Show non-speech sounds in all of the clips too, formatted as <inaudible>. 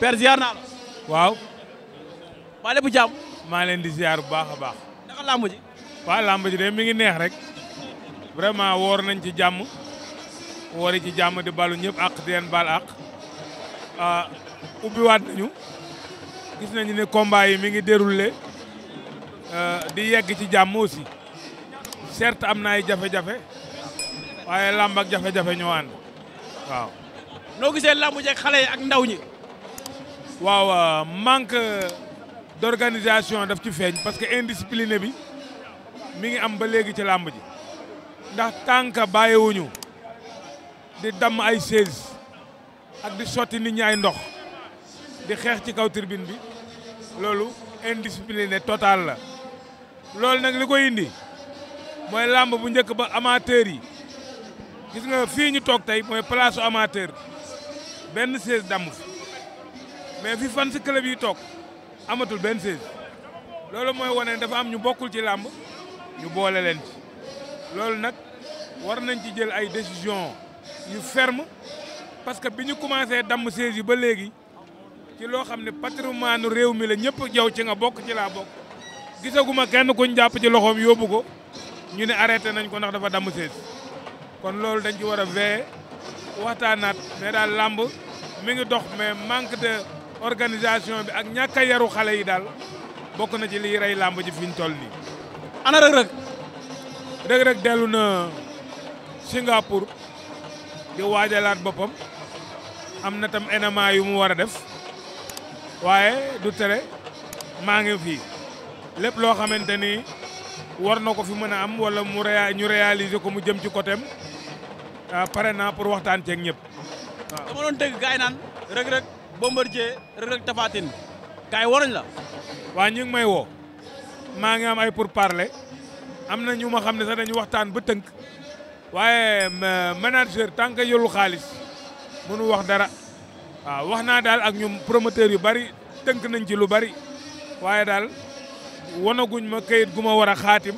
père ziar naa la. waaw. maa lépp jàmm. maa leen di ziar bu baax a baax. naka làmb ji. waaw làmb ji mi ngi neex rek. vraiment woor nañ ci jàmm. woori ci jàmm di balu ñëpp ak di leen baal ak. Ah, ubbiwaat nañu. gis nañu ne combat yi mi ngi déroulé euh, di yegg ci jàmm aussi certes am na ay jafe-jafe waaye làmb ak jafe-jafe ñoo ànd waaw. noo gisee làmb jeeg xale yi ak ndaw ñi. waaw euh, manque d'organisation daf ci feeñ parce que indiscipliné bi mi ngi am ba léegi ci làmb ji ndax tànk bàyyiwuñu di damm ay chaise ak di sotti ni ñi ay ndox. di xex ci kaw tribune bi lolu indiscipline totale la lolu indi moy lamb bu ba amateur yi gis nga ñu place amateur Ben damu mais fi fan qui club yi tok amatul Ben siège lolu moy wone dafa am ñu bokul ci lamb ñu boole len ci lolu war décision ferme parce que biñu commencé à yi ba ci loo xam ne patrimoine réew mi la ñëpp yow ci nga bokk ci laa bokk gisaguma kenn kuñ jàpp ci loxoom yóbbu ko ñu ne arrêté nañ ko ndax dafa damm sees kon loolu dañ ci war a veiller waxtaanaat mais daal làmb mi ngi dox mais manque de organisation bi ak ñàkk yaru xale yi daal bokk na ci liy rey làmb ji fi ñu toll nii. ana rëg rëg. na Singapour di waajalaat boppam am natam tam élément yu mu war a def. waaye du tere maa ngi fii lépp loo xamante ni war na ko fi mën a am wala mu ñu réaliser ko mu jëm ci côté am ah, pare naa pour waxtaan ceeg ñëpp waaw. dama doon dégg gaay naan Reug Reug Bombardier Reug Reug Tapha Tine la. waa ñu may woo maa ngi am ay pour parle am na ñu ma xam ne sax dañu waxtaan ba tënk waaye manager tant que yolu xaalis mënu wax dara. waaw wax naa daal ak ñum promoteur yu bari tënk nañ ci lu bari waaye daal wanaguñ ma kayit gu ma war a xaatim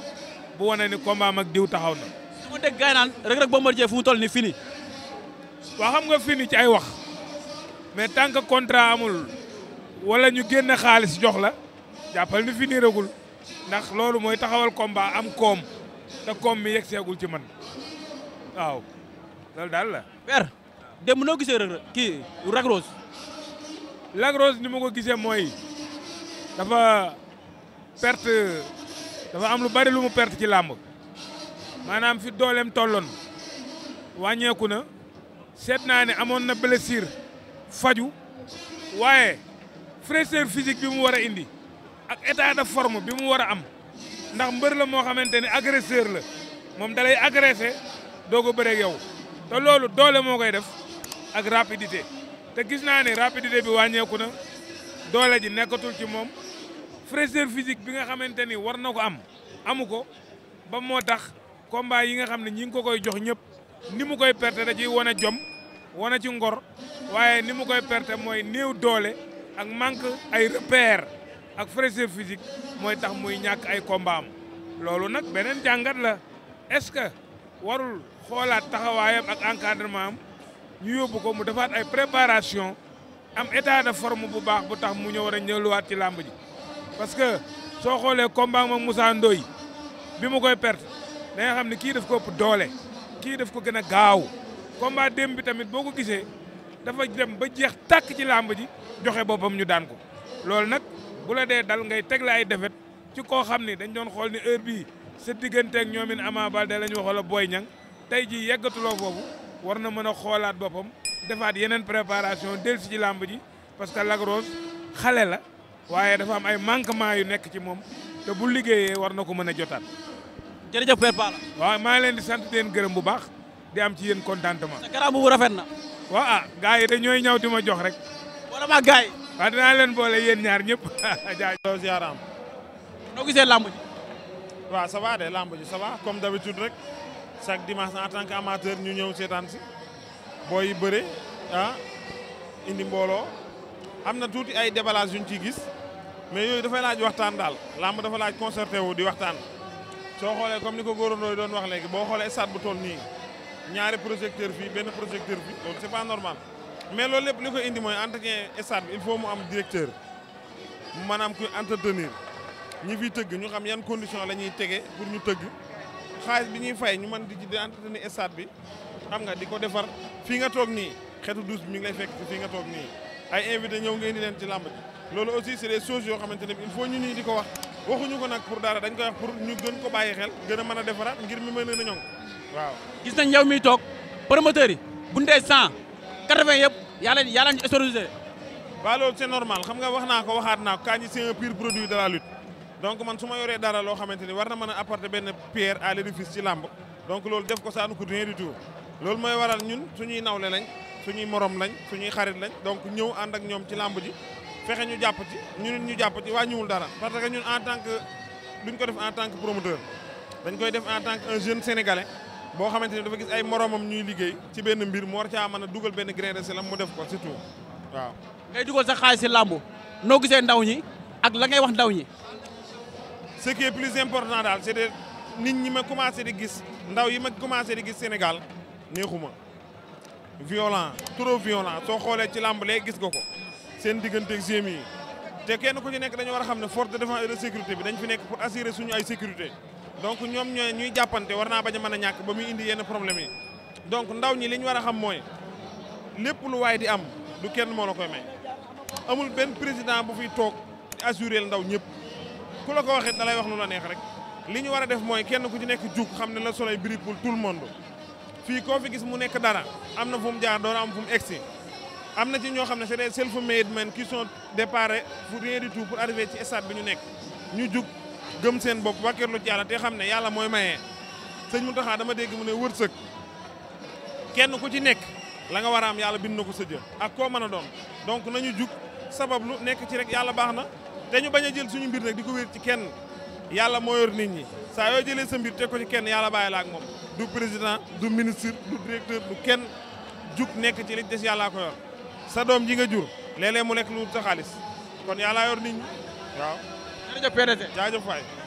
bu wane ni combat mag diw taxaw na. dama dégg gaay naan Reug Reug Bombardier fu mu ni fini. waa xam nga fini ci ay wax mais tant que contrat amul wala ñu génne xaalis jox la jàppal ni fini ragul ndax loolu mooy taxawal combat am koom te koom mi yeg seegul ci man waaw loolu daal la. démb noo gisee rek kii Lac Rose. ni ma ko gisee mooy dafa perte dafa am lu bari lu mu perte ci làmb maanaam fi dooleem tolloon wàññeeku na seet naa ne amoon na blessure faju waaye fraîcheur physique bi mu war a indi ak état de bi mu war a am ndax mbër la moo xamante ne agresseur la moom dalay agressé doo ko bëreeg yow te loolu doole moo koy def ak rapidité te gis naa ne rapidité bi wàññeeku na doole ji nekkatul ci moom fraîcheur physique bi nga xamante ni war na ko am amu ko ba moo tax combat yi nga xam ne ñi ngi ko koy jox ñëpp ni mu koy perte da ciy wane jom wane ci ngor waaye ni mu koy perte mooy néew doole ak manque ay repère ak fraîcheur physique mooy tax muy ñàkk ay combat loolu nag beneen jàngat la est-ce que warul xoolaat taxawaayam ak encadrement am ñu yóbbu ko mu defaat ay préparation am état de forme bu baax bu tax mu ñëw war a ci làmb ji parce que soo xoolee combat moom Moussa Ndoye bi mu koy perte da nga xam kii daf ko ëpp doole kii daf ko gën a gaaw combat démb bi tamit boo ko gisee dafa dem ba jeex takk ci làmb ji joxe boppam ñu daan ko loolu nag bu la dee dal ngay tegle ay defet ci koo xam ne dañ doon xool ni heure bii sa digganteeg ñoomin Ama Baldé la ñu wax wala Boy Niang tey jii yeggatuloo foofu war na mën a xoolaat boppam defaat yeneen préparation dellu si ci làmb ji parce que Lac xale la waaye dafa am ay manquement yu nekk ci moom te bul liggéeye war na ko mën a jotaat. jërëjëf Père Palla. waaw maa ngi leen di sant di leen gërëm bu baax di am ci yéen contentement. sa garab bu rafet na. waaw ah gars yi de ñooy ñaw di ma jox rek. wala ma gars yi. waaw ah, leen boole yéen ñaar ñëpp <laughs> jaajëf. ziaram. noo gisee làmb ji. waaw ça de làmb ji ça va comme d'habitude rek. chaque dimanche en tant que amateur ñu ñëw seetaan si booy yi bëre ah indi mbooloo am na tuuti ay déballage yuñ ciy gis mais yooyu dafay laaj waxtaan daal làmb dafa laaj concerté wu di waxtaan soo xoolee comme ni ko góorandoo doon wax léegi boo xoolee stade bu toll nii ñaare projecteur fii benn projecteur fii loolu c'est pas normal mais loolu lépp li ko indi mooy entretien stade bi il faut mu am directeur maanaam ku entretenir ñi fiy tëgg ñu xam yan condition la ñuy tege pour ñu tëgg xaalis bi ñuy fay ñu man di di entretenir stade bi xam nga di ko defar fii nga toog nii xeetu douche bi mi ngi lay fekk fii nga toog nii ay invité ñëw ngeen di leen ci làmb ji loolu aussi c'est des choses yoo xamante ne il faut ñu nii di ko wax waxuñu ko nag pour dara dañ koy wax pour ñu gën ko bàyyi xel gën a mën a defaraat ngir mi mën na ñoŋ waaw gis nañ yow miy toog promoteurs yi bu ñu dee cent quatre-vingt yëpp yàlla yàlla ñu sponsorisé waaw loolu c'est normal xam nga wax naa ko waxaat na ko kaa de la lutte donc man su ma yoree dara loo xamante ni war na man a apporter benn pierre à l'édifice ci làmb donc loolu def ko ça ne coûte rien loolu mooy waral ñun suñuy nawle lañ suñuy morom lañ suñuy xarit lañ donc ñëw ànd ak ñoom ci làmb ji fexe ñu jàpp ci ñun ñu jàpp ci wàññiwul dara parce que ñun en tant que duñ ko def en tant que promoteur dañ koy def en tant que un jeune boo xamante ni dafa gis ay moromam ñuy liggéey ci benn mbir mu war caa mën a dugal benn grain de sel mu def ko surtout waaw. ngay dugal sa xaalis si làmb noo gisee ndaw ñi ak la ngay wax ndaw ñi. ce qui est plus important daal c'est de nit ñi ma commencé di gis ndaw yi ma commencé di gis Sénégal neexuma violent trop violent soo xoolee ci làmb lee gis nga ko seen diggante ak GMI yi te kenn ku ci nekk dañu war a xam ne force de défense et de sécurité bi dañ fi nekk pour assurer suñu ay sécurité donc ñoom ñooy ñuy jàppante war naa bañ a mën a ñàkk ba muy indi yenn problème yi donc ndaw ñi li war a xam mooy lépp lu waay di am du kenn moo la koy may amul benn président bu fiy toog assurer ndaw ñëpp ku la ko waxit da lay wax nu la neex rek li ñu war a def mooy kenn ku ci nekk jug xam ne la soleil brille pour tout fii koo fi gis mu nekk dara am na fu mu jaar door am fu mu egsi am na ci ñoo xam ne c'est des self-made men qui sont déparés pour rien du tout pour arriver ci stade bi ñu nekk ñu jug gëm seen bopp wàkkirlu lu jaala te xam ne yàlla mooy maye mu Mountakha dama dégg mu ne wërsëg kenn ku ci nekk la nga war a am yàlla bind na ko sa jë ak koo mën a doon donc nañu jug sabablu nekk ci rek yàlla baax na dañu bañ a jël suñu mbir nag di ko wér ci kenn yàlla moo yor nit ñi saa yoo jëlee sa mbir teg ko ci kenn yàlla bàyyi la moom du président du ministre du directeur du kenn jug nekk ci li des yàllaa sa doom ji nga jur léeg mu nekk lu sa xaalis kon yàllaa yor nit ñi waaw. jërëjëf PDG jaajëf Faye